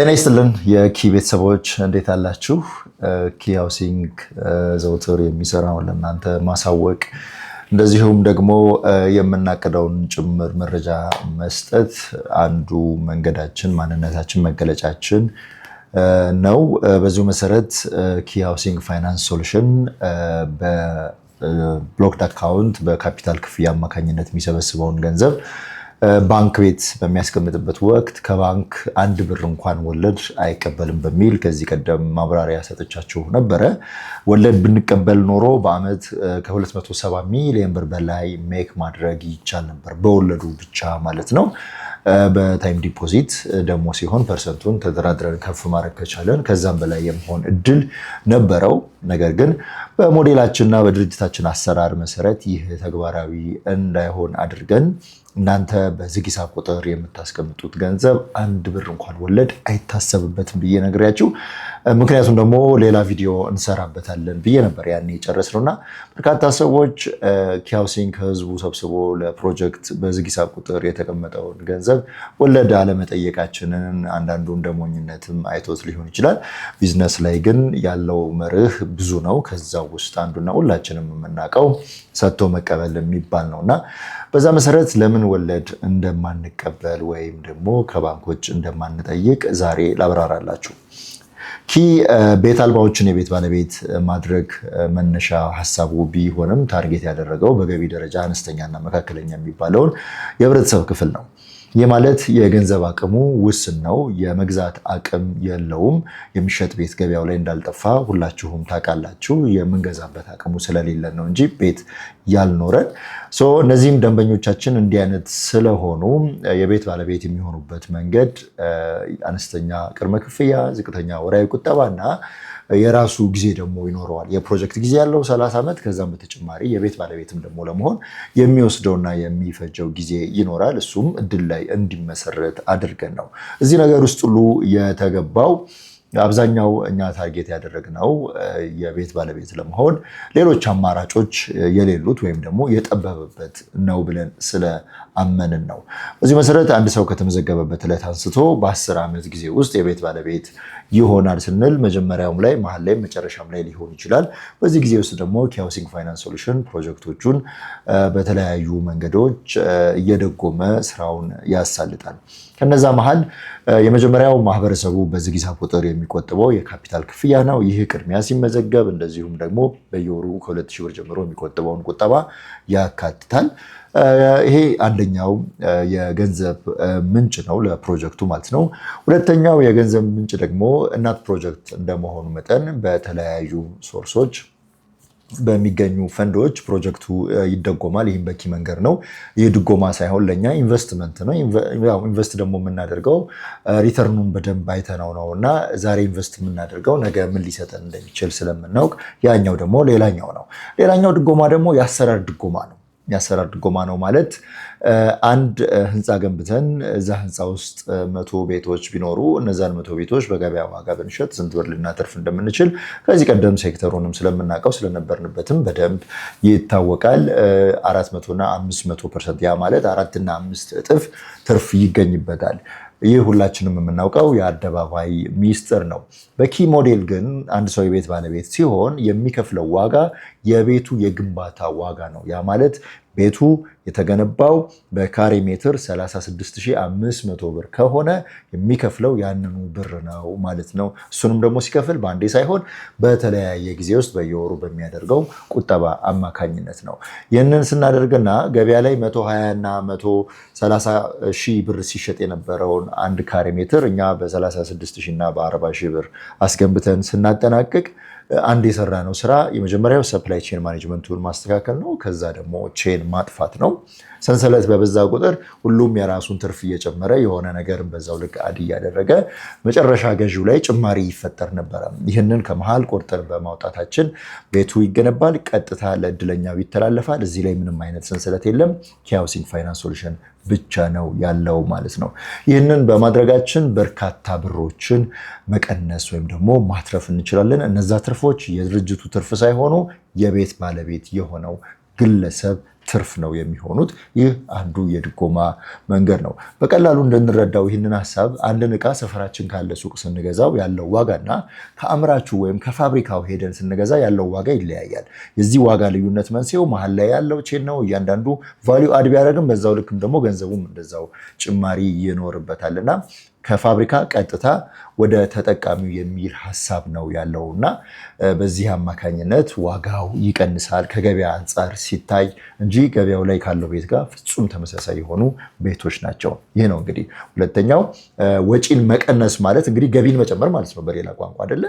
ጤና ይስጥልን የኪ ቤተሰቦች እንዴት አላችሁ? ኪ ሃውሲንግ ዘውትር የሚሰራውን ለእናንተ ማሳወቅ እንደዚሁም ደግሞ የምናቅደውን ጭምር መረጃ መስጠት አንዱ መንገዳችን፣ ማንነታችን፣ መገለጫችን ነው። በዚሁ መሰረት ኪ ሃውሲንግ ፋይናንስ ሶሉሽን በብሎክድ አካውንት በካፒታል ክፍያ አማካኝነት የሚሰበስበውን ገንዘብ ባንክ ቤት በሚያስቀምጥበት ወቅት ከባንክ አንድ ብር እንኳን ወለድ አይቀበልም በሚል ከዚህ ቀደም ማብራሪያ ሰጥቻችሁ ነበረ። ወለድ ብንቀበል ኖሮ በአመት ከ270 ሚሊዮን ብር በላይ ሜክ ማድረግ ይቻል ነበር፣ በወለዱ ብቻ ማለት ነው። በታይም ዲፖዚት ደግሞ ሲሆን ፐርሰንቱን ተደራድረን ከፍ ማድረግ ከቻለን ከዛም በላይ የመሆን እድል ነበረው። ነገር ግን በሞዴላችንና በድርጅታችን አሰራር መሰረት ይህ ተግባራዊ እንዳይሆን አድርገን እናንተ በዝግ ሂሳብ ቁጥር የምታስቀምጡት ገንዘብ አንድ ብር እንኳን ወለድ አይታሰብበትም ብዬ ነግሬያችሁ ምክንያቱም ደግሞ ሌላ ቪዲዮ እንሰራበታለን ብዬ ነበር ያኔ የጨረስነው እና በርካታ ሰዎች ኪያውሲንግ ከህዝቡ ሰብስቦ ለፕሮጀክት በዝግ ሂሳብ ቁጥር የተቀመጠውን ገንዘብ ወለድ አለመጠየቃችንን አንዳንዱ ደሞኝነትም አይቶት ሊሆን ይችላል። ቢዝነስ ላይ ግን ያለው መርህ ብዙ ነው። ከዛ ውስጥ አንዱና ሁላችንም የምናውቀው ሰጥቶ መቀበል የሚባል ነው እና በዛ መሰረት ለምን ወለድ እንደማንቀበል ወይም ደግሞ ከባንኮች እንደማንጠይቅ ዛሬ ላብራራላችሁ። ኪ ቤት አልባዎችን የቤት ባለቤት ማድረግ መነሻ ሀሳቡ ቢሆንም ታርጌት ያደረገው በገቢ ደረጃ አነስተኛና መካከለኛ የሚባለውን የህብረተሰብ ክፍል ነው። ይህ ማለት የገንዘብ አቅሙ ውስን ነው፣ የመግዛት አቅም የለውም። የሚሸጥ ቤት ገበያው ላይ እንዳልጠፋ ሁላችሁም ታውቃላችሁ። የምንገዛበት አቅሙ ስለሌለን ነው እንጂ ቤት ያልኖረን። እነዚህም ደንበኞቻችን እንዲህ አይነት ስለሆኑ የቤት ባለቤት የሚሆኑበት መንገድ አነስተኛ ቅድመ ክፍያ፣ ዝቅተኛ ወራዊ እና የራሱ ጊዜ ደግሞ ይኖረዋል። የፕሮጀክት ጊዜ ያለው ሰላሳ ዓመት ከዛም በተጨማሪ የቤት ባለቤትም ደግሞ ለመሆን የሚወስደውና የሚፈጀው ጊዜ ይኖራል። እሱም እድል ላይ እንዲመሰረት አድርገን ነው እዚህ ነገር ውስጥ ሁሉ የተገባው። አብዛኛው እኛ ታርጌት ያደረግነው የቤት ባለቤት ለመሆን ሌሎች አማራጮች የሌሉት ወይም ደግሞ የጠበበበት ነው ብለን ስለአመንን ነው። በዚህ መሰረት አንድ ሰው ከተመዘገበበት ዕለት አንስቶ በአስር ዓመት ጊዜ ውስጥ የቤት ባለቤት ይሆናል ስንል መጀመሪያውም ላይ መሀል ላይም መጨረሻም ላይ ሊሆን ይችላል። በዚህ ጊዜ ውስጥ ደግሞ ኪሃውሲንግ ፋይናንስ ሶሉሽን ፕሮጀክቶቹን በተለያዩ መንገዶች እየደጎመ ስራውን ያሳልጣል። ከነዛ መሀል የመጀመሪያው ማህበረሰቡ በዚህ ሂሳብ ቁጥር የሚቆጥበው የካፒታል ክፍያ ነው። ይህ ቅድሚያ ሲመዘገብ፣ እንደዚሁም ደግሞ በየወሩ ከሁለት ሺህ ብር ጀምሮ የሚቆጥበውን ቁጠባ ያካትታል። ይሄ አንደኛው የገንዘብ ምንጭ ነው ለፕሮጀክቱ ማለት ነው። ሁለተኛው የገንዘብ ምንጭ ደግሞ እናት ፕሮጀክት እንደመሆኑ መጠን በተለያዩ ሶርሶች በሚገኙ ፈንዶች ፕሮጀክቱ ይደጎማል። ይህም በኪ መንገድ ነው። ይህ ድጎማ ሳይሆን ለእኛ ኢንቨስትመንት ነው። ኢንቨስት ደግሞ የምናደርገው ሪተርኑን በደንብ አይተነው ነው እና ዛሬ ኢንቨስት የምናደርገው ነገ ምን ሊሰጠን እንደሚችል ስለምናውቅ ያኛው ደግሞ ሌላኛው ነው። ሌላኛው ድጎማ ደግሞ የአሰራር ድጎማ ነው። የአሰራር ድጎማ ነው ማለት አንድ ህንፃ ገንብተን እዛ ህንፃ ውስጥ መቶ ቤቶች ቢኖሩ እነዛን መቶ ቤቶች በገበያ ዋጋ ብንሸጥ ስንት ብር ልናተርፍ እንደምንችል ከዚህ ቀደም ሴክተሩንም ስለምናውቀው ስለነበርንበትም በደንብ ይታወቃል። አራት መቶና አምስት መቶ ፐርሰንት ያ ማለት አራትና አምስት እጥፍ ትርፍ ይገኝበታል። ይህ ሁላችንም የምናውቀው የአደባባይ ሚስጥር ነው። በኪ ሞዴል ግን አንድ ሰው የቤት ባለቤት ሲሆን የሚከፍለው ዋጋ የቤቱ የግንባታ ዋጋ ነው። ያ ማለት ቤቱ የተገነባው በካሬ ሜትር 36500 ብር ከሆነ የሚከፍለው ያንኑ ብር ነው ማለት ነው። እሱንም ደግሞ ሲከፍል በአንዴ ሳይሆን በተለያየ ጊዜ ውስጥ በየወሩ በሚያደርገው ቁጠባ አማካኝነት ነው። ይህንን ስናደርግና ገበያ ላይ 120 እና 130 ሺህ ብር ሲሸጥ የነበረውን አንድ ካሬ ሜትር እኛ በ36 እና በ40 ሺህ ብር አስገንብተን ስናጠናቅቅ አንድ የሰራ ነው ስራ የመጀመሪያው ሰፕላይ ቼን ማኔጅመንቱን ማስተካከል ነው። ከዛ ደግሞ ቼን ማጥፋት ነው። ሰንሰለት በበዛ ቁጥር ሁሉም የራሱን ትርፍ እየጨመረ የሆነ ነገር በዛው ልክ አድ እያደረገ መጨረሻ ገዢው ላይ ጭማሪ ይፈጠር ነበረ። ይህንን ከመሀል ቆርጠን በማውጣታችን ቤቱ ይገነባል፣ ቀጥታ ለእድለኛው ይተላለፋል። እዚህ ላይ ምንም አይነት ሰንሰለት የለም። ኪ ፋይናንስ ሶሉሽን ብቻ ነው ያለው ማለት ነው። ይህንን በማድረጋችን በርካታ ብሮችን መቀነስ ወይም ደግሞ ማትረፍ እንችላለን። እነዛ ትርፎች የድርጅቱ ትርፍ ሳይሆኑ የቤት ባለቤት የሆነው ግለሰብ ትርፍ ነው የሚሆኑት። ይህ አንዱ የድጎማ መንገድ ነው። በቀላሉ እንድንረዳው ይህንን ሀሳብ አንድን እቃ ሰፈራችን ካለ ሱቅ ስንገዛው ያለው ዋጋና ከአምራቹ ወይም ከፋብሪካው ሄደን ስንገዛ ያለው ዋጋ ይለያያል። የዚህ ዋጋ ልዩነት መንስኤው መሀል ላይ ያለው ቼን ነው። እያንዳንዱ ቫሊዩ አድ ቢያደርግም በዛው ልክም ደግሞ ገንዘቡም እንደዛው ጭማሪ ይኖርበታል እና ከፋብሪካ ቀጥታ ወደ ተጠቃሚው የሚል ሀሳብ ነው ያለው እና በዚህ አማካኝነት ዋጋው ይቀንሳል ከገበያ አንጻር ሲታይ እንጂ ገበያው ላይ ካለው ቤት ጋር ፍጹም ተመሳሳይ የሆኑ ቤቶች ናቸው። ይህ ነው እንግዲህ ሁለተኛው ወጪን መቀነስ ማለት እንግዲህ ገቢን መጨመር ማለት ነው በሌላ ቋንቋ አደለ?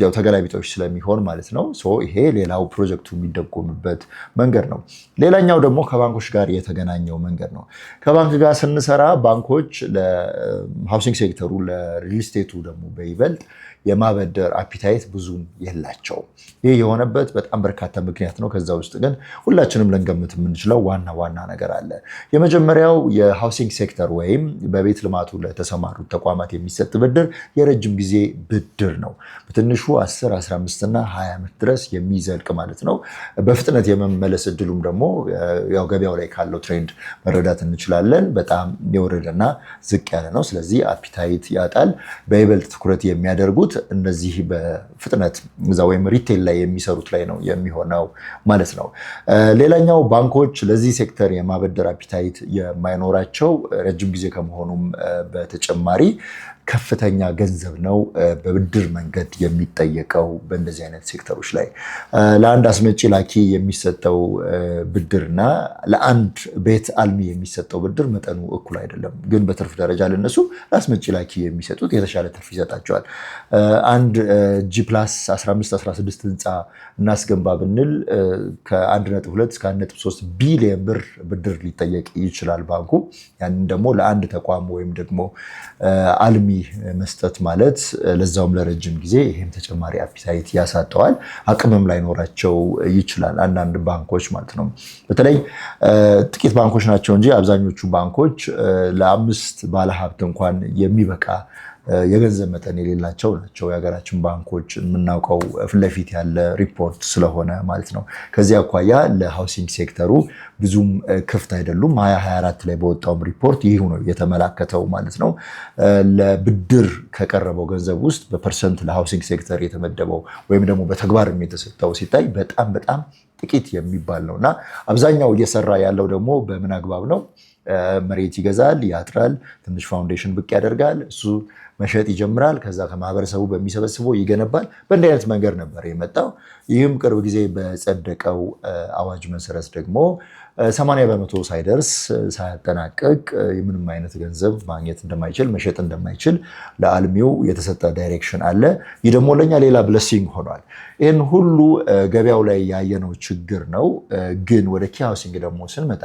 ያው ተገላቢጦች ስለሚሆን ማለት ነው። ይሄ ሌላው ፕሮጀክቱ የሚደጎምበት መንገድ ነው። ሌላኛው ደግሞ ከባንኮች ጋር የተገናኘው መንገድ ነው። ከባንክ ጋር ስንሰራ ባንኮች ሃውሲንግ ሴክተሩ ለሪል ስቴቱ ደግሞ በይበልጥ የማበደር አፒታይት ብዙም የላቸውም። ይህ የሆነበት በጣም በርካታ ምክንያት ነው። ከዛ ውስጥ ግን ሁላችንም ልንገምት የምንችለው ዋና ዋና ነገር አለ። የመጀመሪያው የሃውሲንግ ሴክተር ወይም በቤት ልማቱ ለተሰማሩት ተቋማት የሚሰጥ ብድር የረጅም ጊዜ ብድር ነው። በትንሹ 10፣ 15 እና 20 ዓመት ድረስ የሚዘልቅ ማለት ነው። በፍጥነት የመመለስ እድሉም ደግሞ ያው ገበያው ላይ ካለው ትሬንድ መረዳት እንችላለን። በጣም የወረደና ዝቅ ያለ ነው። ስለዚህ አፒታይት ያጣል። በይበልጥ ትኩረት የሚያደርጉት የሚሰሩት እነዚህ በፍጥነት እዛ ወይም ሪቴል ላይ የሚሰሩት ላይ ነው የሚሆነው ማለት ነው። ሌላኛው ባንኮች ለዚህ ሴክተር የማበደር አፒታይት የማይኖራቸው ረጅም ጊዜ ከመሆኑም በተጨማሪ ከፍተኛ ገንዘብ ነው በብድር መንገድ የሚጠየቀው በእንደዚህ አይነት ሴክተሮች ላይ ለአንድ አስመጪ ላኪ የሚሰጠው ብድርና ለአንድ ቤት አልሚ የሚሰጠው ብድር መጠኑ እኩል አይደለም። ግን በትርፍ ደረጃ ለነሱ ለአስመጪ ላኪ የሚሰጡት የተሻለ ትርፍ ይሰጣቸዋል። አንድ ጂ ፕላስ 16 ህንፃ እናስገንባ ብንል ከ1.2 እስከ 1.3 ቢሊየን ብር ብድር ሊጠየቅ ይችላል ባንኩ ያንን ደግሞ ለአንድ ተቋም ወይም ደግሞ አልሚ መስጠት ማለት ለዛውም ለረጅም ጊዜ ይህም ተጨማሪ አፒታይት ያሳጠዋል፣ አቅምም ላይኖራቸው ይችላል አንዳንድ ባንኮች ማለት ነው። በተለይ ጥቂት ባንኮች ናቸው እንጂ አብዛኞቹ ባንኮች ለአምስት ባለሀብት እንኳን የሚበቃ የገንዘብ መጠን የሌላቸው ናቸው። የሀገራችን ባንኮች የምናውቀው ፊትለፊት ያለ ሪፖርት ስለሆነ ማለት ነው። ከዚህ አኳያ ለሃውሲንግ ሴክተሩ ብዙም ክፍት አይደሉም። 2024 ላይ በወጣውም ሪፖርት ይህ ነው የተመላከተው ማለት ነው። ለብድር ከቀረበው ገንዘብ ውስጥ በፐርሰንት ለሃውሲንግ ሴክተር የተመደበው ወይም ደግሞ በተግባር የተሰጠው ሲታይ በጣም በጣም ጥቂት የሚባል ነው እና አብዛኛው እየሰራ ያለው ደግሞ በምን አግባብ ነው መሬት ይገዛል፣ ያጥራል፣ ትንሽ ፋውንዴሽን ብቅ ያደርጋል። እሱ መሸጥ ይጀምራል። ከዛ ከማህበረሰቡ በሚሰበስበው ይገነባል። በእንዲህ አይነት መንገድ ነበር የመጣው። ይህም ቅርብ ጊዜ በጸደቀው አዋጅ መሰረት ደግሞ ሰማንያ በመቶ ሳይደርስ ሳያጠናቀቅ ምንም አይነት ገንዘብ ማግኘት እንደማይችል መሸጥ እንደማይችል ለአልሚው የተሰጠ ዳይሬክሽን አለ። ይህ ደግሞ ለእኛ ሌላ ብለሲንግ ሆኗል። ይህን ሁሉ ገበያው ላይ ያየነው ችግር ነው። ግን ወደ ኪ ሃውሲንግ ደግሞ ስንመጣ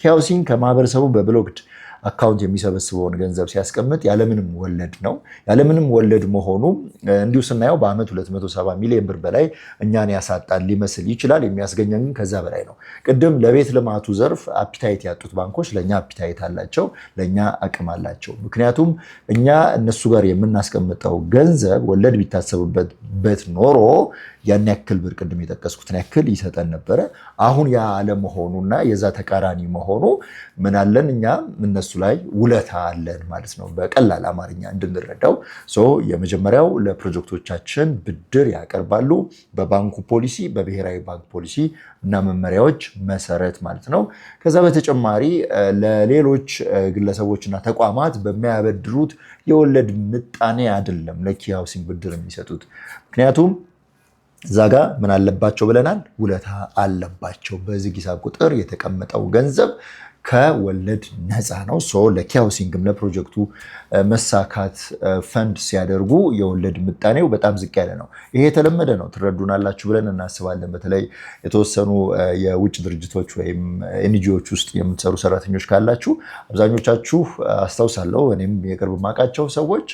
ኪ ሃውሲንግ ከማህበረሰቡ በብሎክድ አካውንት የሚሰበስበውን ገንዘብ ሲያስቀምጥ ያለምንም ወለድ ነው። ያለምንም ወለድ መሆኑ እንዲሁ ስናየው በአመት 270 ሚሊዮን ብር በላይ እኛን ያሳጣል ሊመስል ይችላል። የሚያስገኘን ግን ከዛ በላይ ነው። ቅድም ለቤት ልማቱ ዘርፍ አፒታይት ያጡት ባንኮች ለእኛ አፒታይት አላቸው፣ ለእኛ አቅም አላቸው። ምክንያቱም እኛ እነሱ ጋር የምናስቀምጠው ገንዘብ ወለድ ቢታሰብበት ቢያደርግበት ኖሮ ያን ያክል ብር ቅድም የጠቀስኩትን ያክል ይሰጠን ነበረ። አሁን ያ አለመሆኑና የዛ ተቃራኒ መሆኑ ምናለን እኛ እነሱ ላይ ውለታ አለን ማለት ነው፣ በቀላል አማርኛ እንድንረዳው። የመጀመሪያው ለፕሮጀክቶቻችን ብድር ያቀርባሉ በባንኩ ፖሊሲ፣ በብሔራዊ ባንክ ፖሊሲ እና መመሪያዎች መሰረት ማለት ነው። ከዛ በተጨማሪ ለሌሎች ግለሰቦችና ተቋማት በሚያበድሩት የወለድ ምጣኔ አይደለም ለኪ ሃውሲንግ ብድር የሚሰጡት ምክንያቱም እዛ ጋ ምን አለባቸው ብለናል? ውለታ አለባቸው። በዚህ ሂሳብ ቁጥር የተቀመጠው ገንዘብ ከወለድ ነፃ ነው። ሶ ለፕሮጀክቱ መሳካት ፈንድ ሲያደርጉ የወለድ ምጣኔው በጣም ዝቅ ያለ ነው። ይሄ የተለመደ ነው፣ ትረዱናላችሁ ብለን እናስባለን። በተለይ የተወሰኑ የውጭ ድርጅቶች ወይም ኤንጂዎች ውስጥ የምትሰሩ ሰራተኞች ካላችሁ አብዛኞቻችሁ አስታውሳለሁ፣ እኔም የቅርብ ማውቃቸው ሰዎች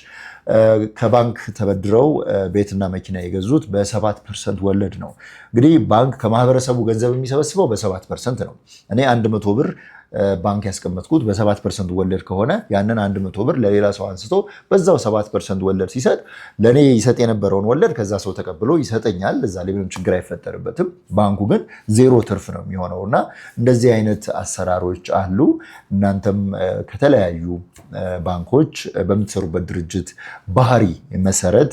ከባንክ ተበድረው ቤትና መኪና የገዙት በሰባት ፐርሰንት ወለድ ነው። እንግዲህ ባንክ ከማህበረሰቡ ገንዘብ የሚሰበስበው በሰባት ፐርሰንት ነው። እኔ አንድ መቶ ብር ባንክ ያስቀመጥኩት በሰባት ፐርሰንት ወለድ ከሆነ ያንን አንድ መቶ ብር ለሌላ ሰው አንስቶ በዛው ሰባት ፐርሰንት ወለድ ሲሰጥ ለእኔ ይሰጥ የነበረውን ወለድ ከዛ ሰው ተቀብሎ ይሰጠኛል። እዛ ላይ ምንም ችግር አይፈጠርበትም። ባንኩ ግን ዜሮ ትርፍ ነው የሚሆነው እና እንደዚህ አይነት አሰራሮች አሉ። እናንተም ከተለያዩ ባንኮች በምትሰሩበት ድርጅት ባህሪ መሰረት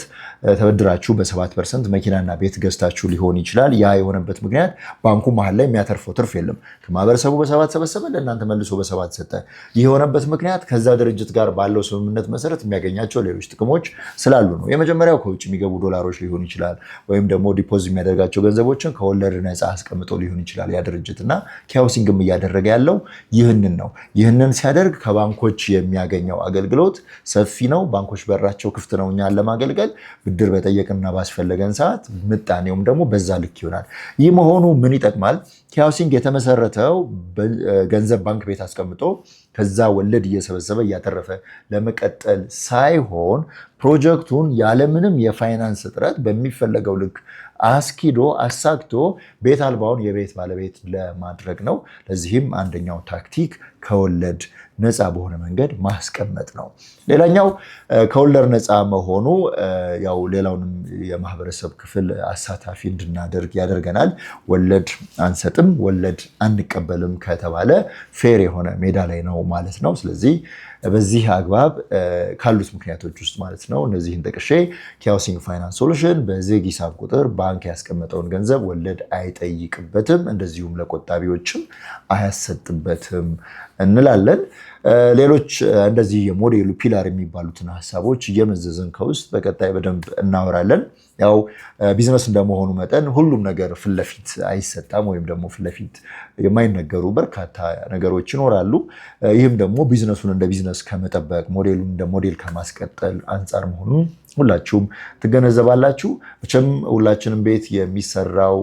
ተበድራችሁ በሰባት ፐርሰንት መኪናና ቤት ገዝታችሁ ሊሆን ይችላል። ያ የሆነበት ምክንያት ባንኩ መሀል ላይ የሚያተርፈው ትርፍ የለም። ከማህበረሰቡ በሰባት ሰበሰበ ለእናንተ መልሶ በሰባት ሰጠ። ይህ የሆነበት ምክንያት ከዛ ድርጅት ጋር ባለው ስምምነት መሰረት የሚያገኛቸው ሌሎች ጥቅሞች ስላሉ ነው። የመጀመሪያው ከውጭ የሚገቡ ዶላሮች ሊሆን ይችላል፣ ወይም ደግሞ ዲፖዚት የሚያደርጋቸው ገንዘቦችን ከወለድ ነፃ አስቀምጦ ሊሆን ይችላል። ያ ድርጅት እና ኪያውሲንግም እያደረገ ያለው ይህንን ነው። ይህንን ሲያደርግ ከባንኮች የሚያገኘው አገልግሎት ሰፊ ነው። ባንኮች በራቸው ክፍት ነው እኛን ለማገልገል ብድር በጠየቅና ባስፈለገን ሰዓት ምጣኔውም ደግሞ በዛ ልክ ይሆናል። ይህ መሆኑ ምን ይጠቅማል? ኪያውሲንግ የተመሰረተው ገንዘብ ገንዘብ ባንክ ቤት አስቀምጦ ከዛ ወለድ እየሰበሰበ እያተረፈ ለመቀጠል ሳይሆን ፕሮጀክቱን ያለምንም የፋይናንስ እጥረት በሚፈለገው ልክ አስኪዶ አሳግቶ ቤት አልባውን የቤት ባለቤት ለማድረግ ነው። ለዚህም አንደኛው ታክቲክ ከወለድ ነፃ በሆነ መንገድ ማስቀመጥ ነው። ሌላኛው ከወለድ ነፃ መሆኑ ያው ሌላውንም የማህበረሰብ ክፍል አሳታፊ እንድናደርግ ያደርገናል። ወለድ አንሰጥም፣ ወለድ አንቀበልም ከተባለ ፌር የሆነ ሜዳ ላይ ነው ማለት ነው። ስለዚህ በዚህ አግባብ ካሉት ምክንያቶች ውስጥ ማለት ነው እነዚህን ጠቅሼ ኪያውሲንግ ፋይናንስ ሶሉሽን በዚህ ሂሳብ ቁጥር ባንክ ያስቀመጠውን ገንዘብ ወለድ አይጠይቅበትም፣ እንደዚሁም ለቆጣቢዎችም አያሰጥበትም እንላለን። ሌሎች እንደዚህ የሞዴሉ ፒላር የሚባሉትን ሀሳቦች እየመዘዝን ከውስጥ በቀጣይ በደንብ እናወራለን። ያው ቢዝነስ እንደመሆኑ መጠን ሁሉም ነገር ፊት ለፊት አይሰጣም፣ ወይም ደግሞ ፊት የማይነገሩ በርካታ ነገሮች ይኖራሉ። ይህም ደግሞ ቢዝነሱን እንደ ቢዝነስ ከመጠበቅ ሞዴሉን እንደ ሞዴል ከማስቀጠል አንጻር መሆኑን ሁላችሁም ትገነዘባላችሁ። መቼም ሁላችንም ቤት የሚሰራው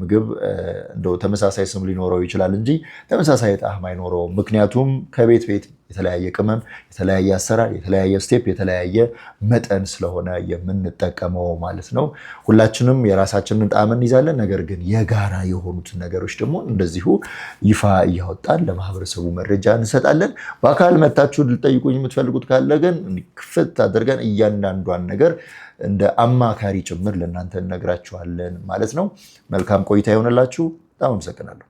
ምግብ እንደው ተመሳሳይ ስም ሊኖረው ይችላል እንጂ ተመሳሳይ ጣዕም አይኖረውም። ምክንያቱም ከቤት ቤት የተለያየ ቅመም፣ የተለያየ አሰራር፣ የተለያየ ስቴፕ፣ የተለያየ መጠን ስለሆነ የምንጠቀመው ማለት ነው። ሁላችንም የራሳችንን ጣዕም እንይዛለን። ነገር ግን የጋራ የሆኑትን ነገሮች ደግሞ እንደዚሁ ይፋ እያወጣን ለማህበረሰቡ መረጃ እንሰጣለን። በአካል መታችሁ ልጠይቁኝ የምትፈልጉት ካለ ግን ክፍት አድርገን እያንዳንዷን ነገር እንደ አማካሪ ጭምር ለእናንተ እነግራችኋለን ማለት ነው። መልካም ቆይታ ይሆንላችሁ። በጣም አመሰግናለሁ።